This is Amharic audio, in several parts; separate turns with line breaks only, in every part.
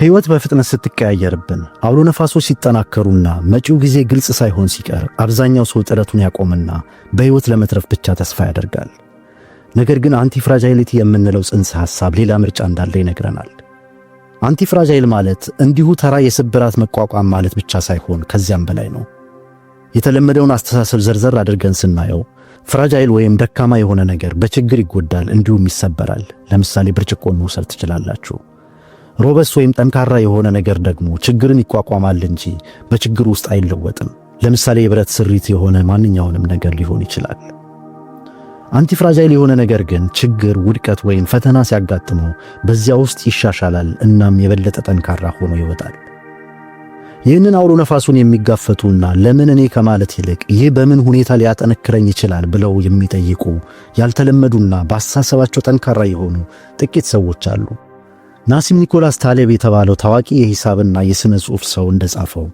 ሕይወት በፍጥነት ስትቀያየርብን አውሎ ነፋሶች ሲጠናከሩና መጪው ጊዜ ግልጽ ሳይሆን ሲቀር አብዛኛው ሰው ጥረቱን ያቆምና በሕይወት ለመትረፍ ብቻ ተስፋ ያደርጋል። ነገር ግን አንቲፍራጃይሊቲ የምንለው ጽንሰ ሐሳብ ሌላ ምርጫ እንዳለ ይነግረናል። አንቲፍራጃይል ማለት እንዲሁ ተራ የስብራት መቋቋም ማለት ብቻ ሳይሆን ከዚያም በላይ ነው። የተለመደውን አስተሳሰብ ዘርዘር አድርገን ስናየው ፍራጃይል ወይም ደካማ የሆነ ነገር በችግር ይጎዳል፣ እንዲሁም ይሰበራል። ለምሳሌ ብርጭቆን መውሰድ ትችላላችሁ። ሮበስ ወይም ጠንካራ የሆነ ነገር ደግሞ ችግርን ይቋቋማል እንጂ በችግር ውስጥ አይለወጥም። ለምሳሌ የብረት ስሪት የሆነ ማንኛውንም ነገር ሊሆን ይችላል። አንቲፍራጃይል የሆነ ነገር ግን ችግር፣ ውድቀት ወይም ፈተና ሲያጋጥመው በዚያ ውስጥ ይሻሻላል፣ እናም የበለጠ ጠንካራ ሆኖ ይወጣል። ይህንን አውሎ ነፋሱን የሚጋፈቱና ለምን እኔ ከማለት ይልቅ ይህ በምን ሁኔታ ሊያጠነክረኝ ይችላል ብለው የሚጠይቁ ያልተለመዱና በአስተሳሰባቸው ጠንካራ የሆኑ ጥቂት ሰዎች አሉ። ናሲም ኒኮላስ ታሌብ የተባለው ታዋቂ የሂሳብና የሥነ ጽሑፍ ሰው እንደጻፈው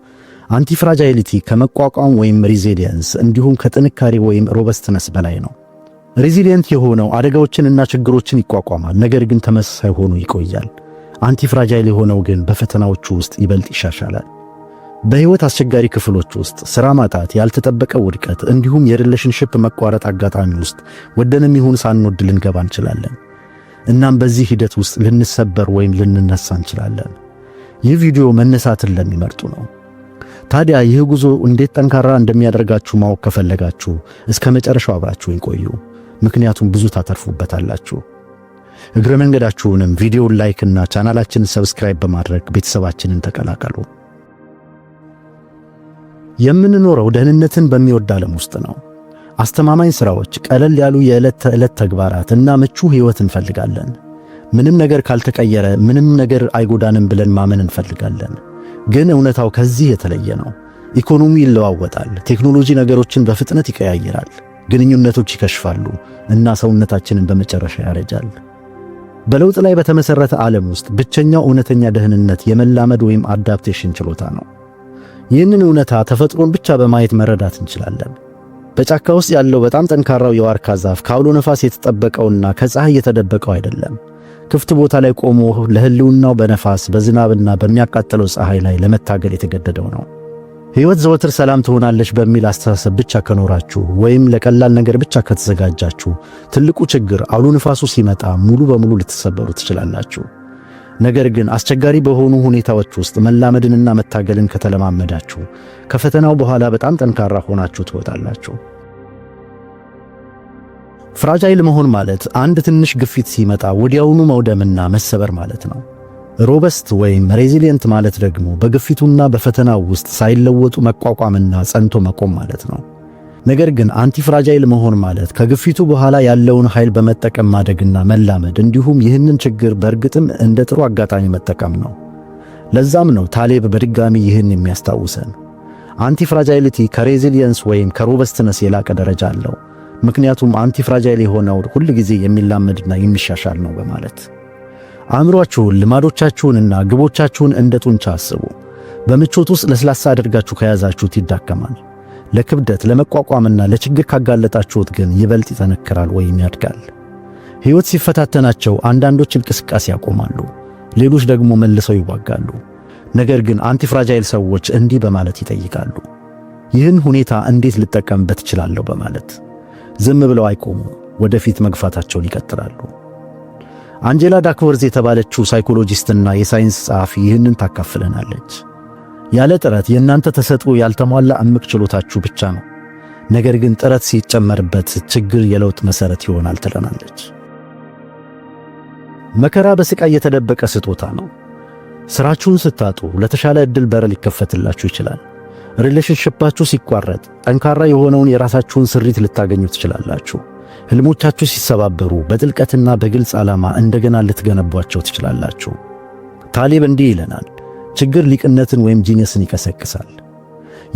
አንቲፍራጃይሊቲ ከመቋቋም ወይም ሪዚሊየንስ እንዲሁም ከጥንካሬ ወይም ሮበስትነስ በላይ ነው። ሬዚሊየንት የሆነው አደጋዎችንና ችግሮችን ይቋቋማል፣ ነገር ግን ተመሳሳይ ሆኖ ይቆያል። አንቲፍራጃይል የሆነው ግን በፈተናዎቹ ውስጥ ይበልጥ ይሻሻላል። በሕይወት አስቸጋሪ ክፍሎች ውስጥ ሥራ ማጣት፣ ያልተጠበቀ ውድቀት እንዲሁም የሪሌሽንሽፕ መቋረጥ አጋጣሚ ውስጥ ወደንም ይሁን ሳንወድ ልንገባ እንችላለን። እናም በዚህ ሂደት ውስጥ ልንሰበር ወይም ልንነሳ እንችላለን። ይህ ቪዲዮ መነሳትን ለሚመርጡ ነው። ታዲያ ይህ ጉዞ እንዴት ጠንካራ እንደሚያደርጋችሁ ማወቅ ከፈለጋችሁ እስከ መጨረሻው አብራችሁን ቆዩ፣ ምክንያቱም ብዙ ታተርፉበታላችሁ። እግረ መንገዳችሁንም ቪዲዮውን ላይክና ቻናላችንን ሰብስክራይብ በማድረግ ቤተሰባችንን ተቀላቀሉ። የምንኖረው ደህንነትን በሚወድ ዓለም ውስጥ ነው። አስተማማኝ ስራዎች፣ ቀለል ያሉ የዕለት ተዕለት ተግባራት እና ምቹ ህይወት እንፈልጋለን። ምንም ነገር ካልተቀየረ ምንም ነገር አይጎዳንም ብለን ማመን እንፈልጋለን። ግን እውነታው ከዚህ የተለየ ነው። ኢኮኖሚ ይለዋወጣል፣ ቴክኖሎጂ ነገሮችን በፍጥነት ይቀያይራል፣ ግንኙነቶች ይከሽፋሉ እና ሰውነታችንን በመጨረሻ ያረጃል። በለውጥ ላይ በተመሰረተ ዓለም ውስጥ ብቸኛው እውነተኛ ደህንነት የመላመድ ወይም አዳፕቴሽን ችሎታ ነው። ይህንን እውነታ ተፈጥሮን ብቻ በማየት መረዳት እንችላለን። በጫካ ውስጥ ያለው በጣም ጠንካራው የዋርካ ዛፍ ከአውሎ ነፋስ የተጠበቀውና ከፀሐይ የተደበቀው አይደለም። ክፍት ቦታ ላይ ቆሞ ለህልውናው በነፋስ በዝናብና በሚያቃጥለው ፀሐይ ላይ ለመታገል የተገደደው ነው። ሕይወት ዘወትር ሰላም ትሆናለች በሚል አስተሳሰብ ብቻ ከኖራችሁ ወይም ለቀላል ነገር ብቻ ከተዘጋጃችሁ፣ ትልቁ ችግር አውሎ ንፋሱ ሲመጣ ሙሉ በሙሉ ልትሰበሩ ትችላላችሁ። ነገር ግን አስቸጋሪ በሆኑ ሁኔታዎች ውስጥ መላመድንና መታገልን ከተለማመዳችሁ ከፈተናው በኋላ በጣም ጠንካራ ሆናችሁ ትወጣላችሁ። ፍራጃይል መሆን ማለት አንድ ትንሽ ግፊት ሲመጣ ወዲያውኑ መውደምና መሰበር ማለት ነው። ሮበስት ወይም ሬዚሊየንት ማለት ደግሞ በግፊቱና በፈተናው ውስጥ ሳይለወጡ መቋቋምና ጸንቶ መቆም ማለት ነው። ነገር ግን አንቲፍራጃይል መሆን ማለት ከግፊቱ በኋላ ያለውን ኃይል በመጠቀም ማደግና መላመድ እንዲሁም ይህንን ችግር በእርግጥም እንደ ጥሩ አጋጣሚ መጠቀም ነው። ለዛም ነው ታሌብ በድጋሚ ይህን የሚያስታውሰን። አንቲፍራጃይልቲ ከሬዚሊየንስ ወይም ከሮበስትነስ የላቀ ደረጃ አለው፣ ምክንያቱም አንቲፍራጃይል የሆነው ሁል ጊዜ የሚላመድና የሚሻሻል ነው በማለት አእምሯችሁን፣ ልማዶቻችሁንና ግቦቻችሁን እንደ ጡንቻ አስቡ። በምቾት ውስጥ ለስላሳ አድርጋችሁ ከያዛችሁት ይዳከማል። ለክብደት ለመቋቋምና ለችግር ካጋለጣችሁት ግን ይበልጥ ይጠነክራል ወይም ያድጋል። ሕይወት ሲፈታተናቸው አንዳንዶች እንቅስቃሴ ያቆማሉ፣ ሌሎች ደግሞ መልሰው ይዋጋሉ። ነገር ግን አንቲፍራጃይል ሰዎች እንዲህ በማለት ይጠይቃሉ፣ ይህን ሁኔታ እንዴት ልጠቀምበት እችላለሁ? በማለት ዝም ብለው አይቆሙም፣ ወደፊት መግፋታቸውን ይቀጥላሉ። አንጀላ ዳክወርዝ የተባለችው ሳይኮሎጂስትና የሳይንስ ጸሐፊ ይህንን ታካፍለናለች። ያለ ጥረት የእናንተ ተሰጥኦ ያልተሟላ እምቅ ችሎታችሁ ብቻ ነው። ነገር ግን ጥረት ሲጨመርበት ችግር የለውጥ መሰረት ይሆናል ትለናለች። መከራ በስቃይ የተደበቀ ስጦታ ነው። ስራችሁን ስታጡ ለተሻለ ዕድል በር ሊከፈትላችሁ ይችላል። ሪሌሽንሽፓችሁ ሲቋረጥ ጠንካራ የሆነውን የራሳችሁን ስሪት ልታገኙ ትችላላችሁ። ሕልሞቻችሁ ሲሰባበሩ በጥልቀትና በግልጽ ዓላማ እንደገና ልትገነቧቸው ትችላላችሁ። ታሊብ እንዲህ ይለናል ችግር ሊቅነትን ወይም ጂነስን ይቀሰቅሳል።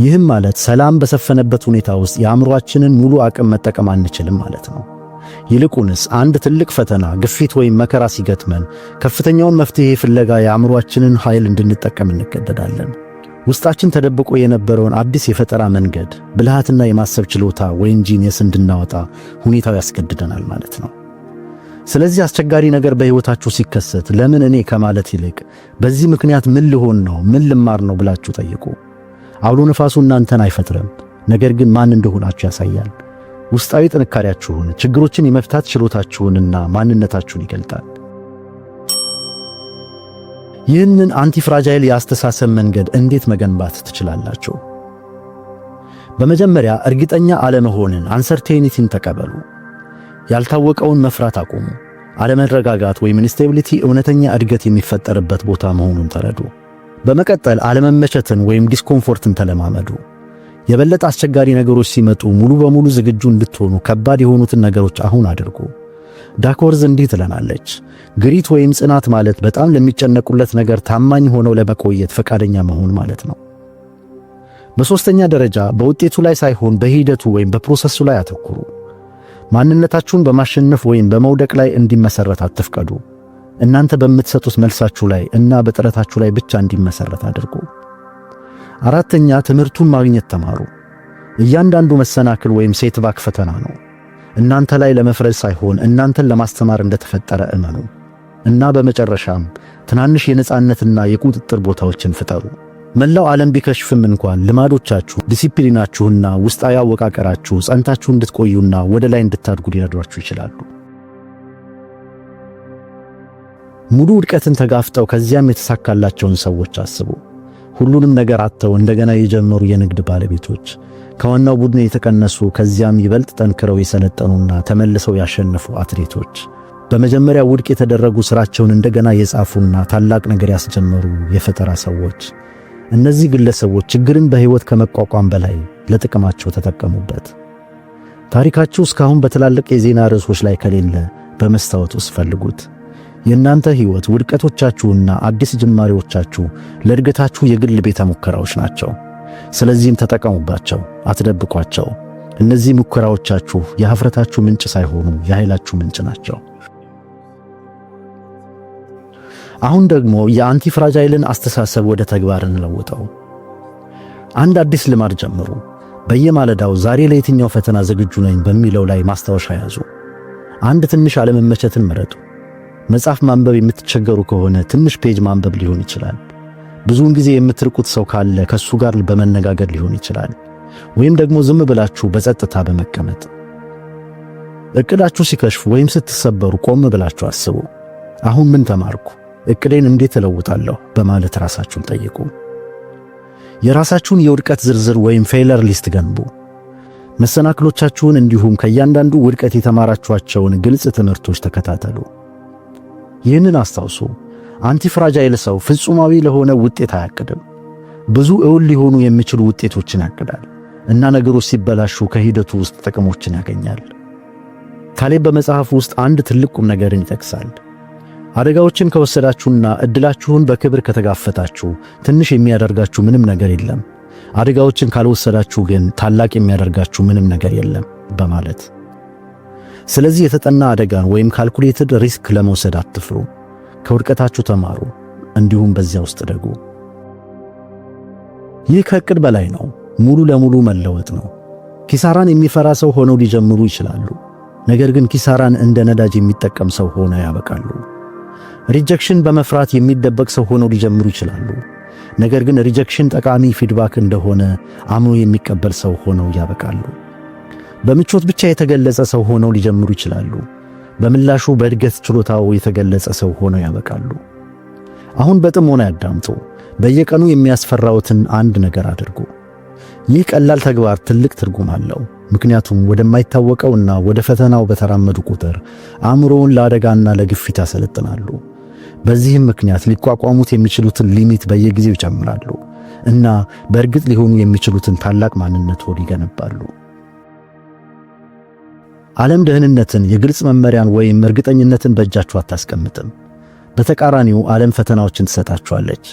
ይህም ማለት ሰላም በሰፈነበት ሁኔታ ውስጥ የአእምሮአችንን ሙሉ አቅም መጠቀም አንችልም ማለት ነው። ይልቁንስ አንድ ትልቅ ፈተና፣ ግፊት ወይም መከራ ሲገጥመን ከፍተኛውን መፍትሄ ፍለጋ የአእምሮአችንን ኃይል እንድንጠቀም እንገደዳለን። ውስጣችን ተደብቆ የነበረውን አዲስ የፈጠራ መንገድ፣ ብልሃትና የማሰብ ችሎታ ወይም ጂኒየስ እንድናወጣ ሁኔታው ያስገድደናል ማለት ነው። ስለዚህ አስቸጋሪ ነገር በህይወታችሁ ሲከሰት ለምን እኔ ከማለት ይልቅ በዚህ ምክንያት ምን ልሆን ነው፣ ምን ልማር ነው ብላችሁ ጠይቁ። አውሎ ነፋሱ እናንተን አይፈጥርም፣ ነገር ግን ማን እንደሆናችሁ ያሳያል። ውስጣዊ ጥንካሬያችሁን፣ ችግሮችን የመፍታት ችሎታችሁንና ማንነታችሁን ይገልጣል። ይህንን አንቲፍራጃይል የአስተሳሰብ መንገድ እንዴት መገንባት ትችላላችሁ? በመጀመሪያ እርግጠኛ አለመሆንን አንሰርቴኒቲን ተቀበሉ። ያልታወቀውን መፍራት አቁሙ። አለመረጋጋት ወይም ኢንስቴቢሊቲ እውነተኛ እድገት የሚፈጠርበት ቦታ መሆኑን ተረዱ። በመቀጠል አለመመቸትን ወይም ዲስኮምፎርትን ተለማመዱ። የበለጠ አስቸጋሪ ነገሮች ሲመጡ ሙሉ በሙሉ ዝግጁ እንድትሆኑ ከባድ የሆኑትን ነገሮች አሁን አድርጉ። ዳኮርዝ እንዲህ ትለናለች፣ ግሪት ወይም ጽናት ማለት በጣም ለሚጨነቁለት ነገር ታማኝ ሆነው ለመቆየት ፈቃደኛ መሆን ማለት ነው። በሦስተኛ ደረጃ በውጤቱ ላይ ሳይሆን በሂደቱ ወይም በፕሮሰሱ ላይ አተኩሩ። ማንነታችሁን በማሸነፍ ወይም በመውደቅ ላይ እንዲመሰረት አትፍቀዱ። እናንተ በምትሰጡት መልሳችሁ ላይ እና በጥረታችሁ ላይ ብቻ እንዲመሰረት አድርጉ። አራተኛ ትምህርቱን ማግኘት ተማሩ። እያንዳንዱ መሰናክል ወይም ሴትባክ ፈተና ነው። እናንተ ላይ ለመፍረድ ሳይሆን እናንተን ለማስተማር እንደተፈጠረ እመኑ። እና በመጨረሻም ትናንሽ የነጻነትና የቁጥጥር ቦታዎችን ፍጠሩ። መላው ዓለም ቢከሽፍም እንኳን ልማዶቻችሁ ዲሲፕሊናችሁና ውስጣዊ አወቃቀራችሁ ጸንታችሁ እንድትቆዩና ወደ ላይ እንድታድጉ ሊረዷችሁ ይችላሉ። ሙሉ ውድቀትን ተጋፍጠው ከዚያም የተሳካላቸውን ሰዎች አስቡ። ሁሉንም ነገር አጥተው እንደገና የጀመሩ የንግድ ባለቤቶች፣ ከዋናው ቡድን የተቀነሱ ከዚያም ይበልጥ ጠንክረው የሰለጠኑና ተመልሰው ያሸነፉ አትሌቶች በመጀመሪያ ውድቅ የተደረጉ ሥራቸውን እንደገና የጻፉና ታላቅ ነገር ያስጀመሩ የፈጠራ ሰዎች እነዚህ ግለሰቦች ችግርን በሕይወት ከመቋቋም በላይ ለጥቅማቸው ተጠቀሙበት። ታሪካችሁ እስካሁን በትላልቅ የዜና ርዕሶች ላይ ከሌለ በመስታወት ውስጥ ፈልጉት። የእናንተ ሕይወት ውድቀቶቻችሁና አዲስ ጅማሬዎቻችሁ ለእድገታችሁ የግል ቤተ ሙከራዎች ናቸው። ስለዚህም ተጠቀሙባቸው፣ አትደብቋቸው። እነዚህ ሙከራዎቻችሁ የኀፍረታችሁ ምንጭ ሳይሆኑ የኃይላችሁ ምንጭ ናቸው። አሁን ደግሞ የአንቲፍራጃይልን አስተሳሰብ ወደ ተግባር እንለውጠው። አንድ አዲስ ልማድ ጀምሩ። በየማለዳው ዛሬ ለየትኛው ፈተና ዝግጁ ነኝ በሚለው ላይ ማስታወሻ ያዙ። አንድ ትንሽ አለመመቸትን መረጡ። መጽሐፍ ማንበብ የምትቸገሩ ከሆነ ትንሽ ፔጅ ማንበብ ሊሆን ይችላል። ብዙውን ጊዜ የምትርቁት ሰው ካለ ከሱ ጋር በመነጋገር ሊሆን ይችላል። ወይም ደግሞ ዝም ብላችሁ በጸጥታ በመቀመጥ እቅዳችሁ ሲከሽፍ ወይም ስትሰበሩ ቆም ብላችሁ አስቡ። አሁን ምን ተማርኩ? እቅዴን እንዴት እለውጣለሁ በማለት ራሳችሁን ጠይቁ። የራሳችሁን የውድቀት ዝርዝር ወይም ፌለር ሊስት ገንቡ። መሰናክሎቻችሁን እንዲሁም ከእያንዳንዱ ውድቀት የተማራችኋቸውን ግልጽ ትምህርቶች ተከታተሉ። ይህንን አስታውሱ፣ አንቲፍራጃይል ሰው ፍጹማዊ ለሆነ ውጤት አያቅድም። ብዙ እውን ሊሆኑ የሚችሉ ውጤቶችን ያቅዳል እና ነገሮች ሲበላሹ ከሂደቱ ውስጥ ጥቅሞችን ያገኛል። ካሌብ በመጽሐፍ ውስጥ አንድ ትልቅ ቁም ነገርን ይጠቅሳል። አደጋዎችን ከወሰዳችሁና እድላችሁን በክብር ከተጋፈታችሁ ትንሽ የሚያደርጋችሁ ምንም ነገር የለም። አደጋዎችን ካልወሰዳችሁ ግን ታላቅ የሚያደርጋችሁ ምንም ነገር የለም በማለት ስለዚህ የተጠና አደጋን ወይም ካልኩሌትድ ሪስክ ለመውሰድ አትፍሩ። ከውድቀታችሁ ተማሩ፣ እንዲሁም በዚያ ውስጥ ደጉ። ይህ ከእቅድ በላይ ነው። ሙሉ ለሙሉ መለወጥ ነው። ኪሳራን የሚፈራ ሰው ሆነው ሊጀምሩ ይችላሉ። ነገር ግን ኪሳራን እንደ ነዳጅ የሚጠቀም ሰው ሆነ ያበቃሉ። ሪጀክሽን በመፍራት የሚደበቅ ሰው ሆነው ሊጀምሩ ይችላሉ። ነገር ግን ሪጀክሽን ጠቃሚ ፊድባክ እንደሆነ አምኖ የሚቀበል ሰው ሆነው ያበቃሉ። በምቾት ብቻ የተገለጸ ሰው ሆነው ሊጀምሩ ይችላሉ። በምላሹ በእድገት ችሎታው የተገለጸ ሰው ሆነው ያበቃሉ። አሁን በጥሞና ያዳምጡ። በየቀኑ የሚያስፈራውትን አንድ ነገር አድርጉ። ይህ ቀላል ተግባር ትልቅ ትርጉም አለው። ምክንያቱም ወደማይታወቀውና ወደ ፈተናው በተራመዱ ቁጥር አእምሮውን ለአደጋና ለግፊት ያሰለጥናሉ። በዚህም ምክንያት ሊቋቋሙት የሚችሉትን ሊሚት በየጊዜው ይጨምራሉ እና በእርግጥ ሊሆኑ የሚችሉትን ታላቅ ማንነት ሆድ ይገነባሉ። ዓለም ደህንነትን፣ የግልጽ መመሪያን ወይም እርግጠኝነትን በእጃችሁ አታስቀምጥም። በተቃራኒው ዓለም ፈተናዎችን ትሰጣችኋለች።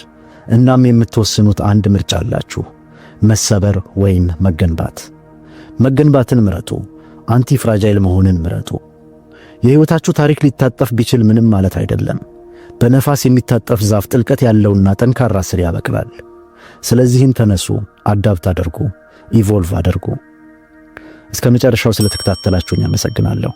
እናም የምትወስኑት አንድ ምርጫ አላችሁ፣ መሰበር ወይም መገንባት። መገንባትን ምረጡ፣ አንቲ ፍራጃይል መሆንን ምረጡ። የሕይወታችሁ ታሪክ ሊታጠፍ ቢችል ምንም ማለት አይደለም። በነፋስ የሚታጠፍ ዛፍ ጥልቀት ያለውና ጠንካራ ስር ያበቅላል። ስለዚህም ተነሱ፣ አዳብት አድርጉ፣ ኢቮልቭ አድርጉ። እስከ መጨረሻው ስለተከታተላችሁኝ አመሰግናለሁ።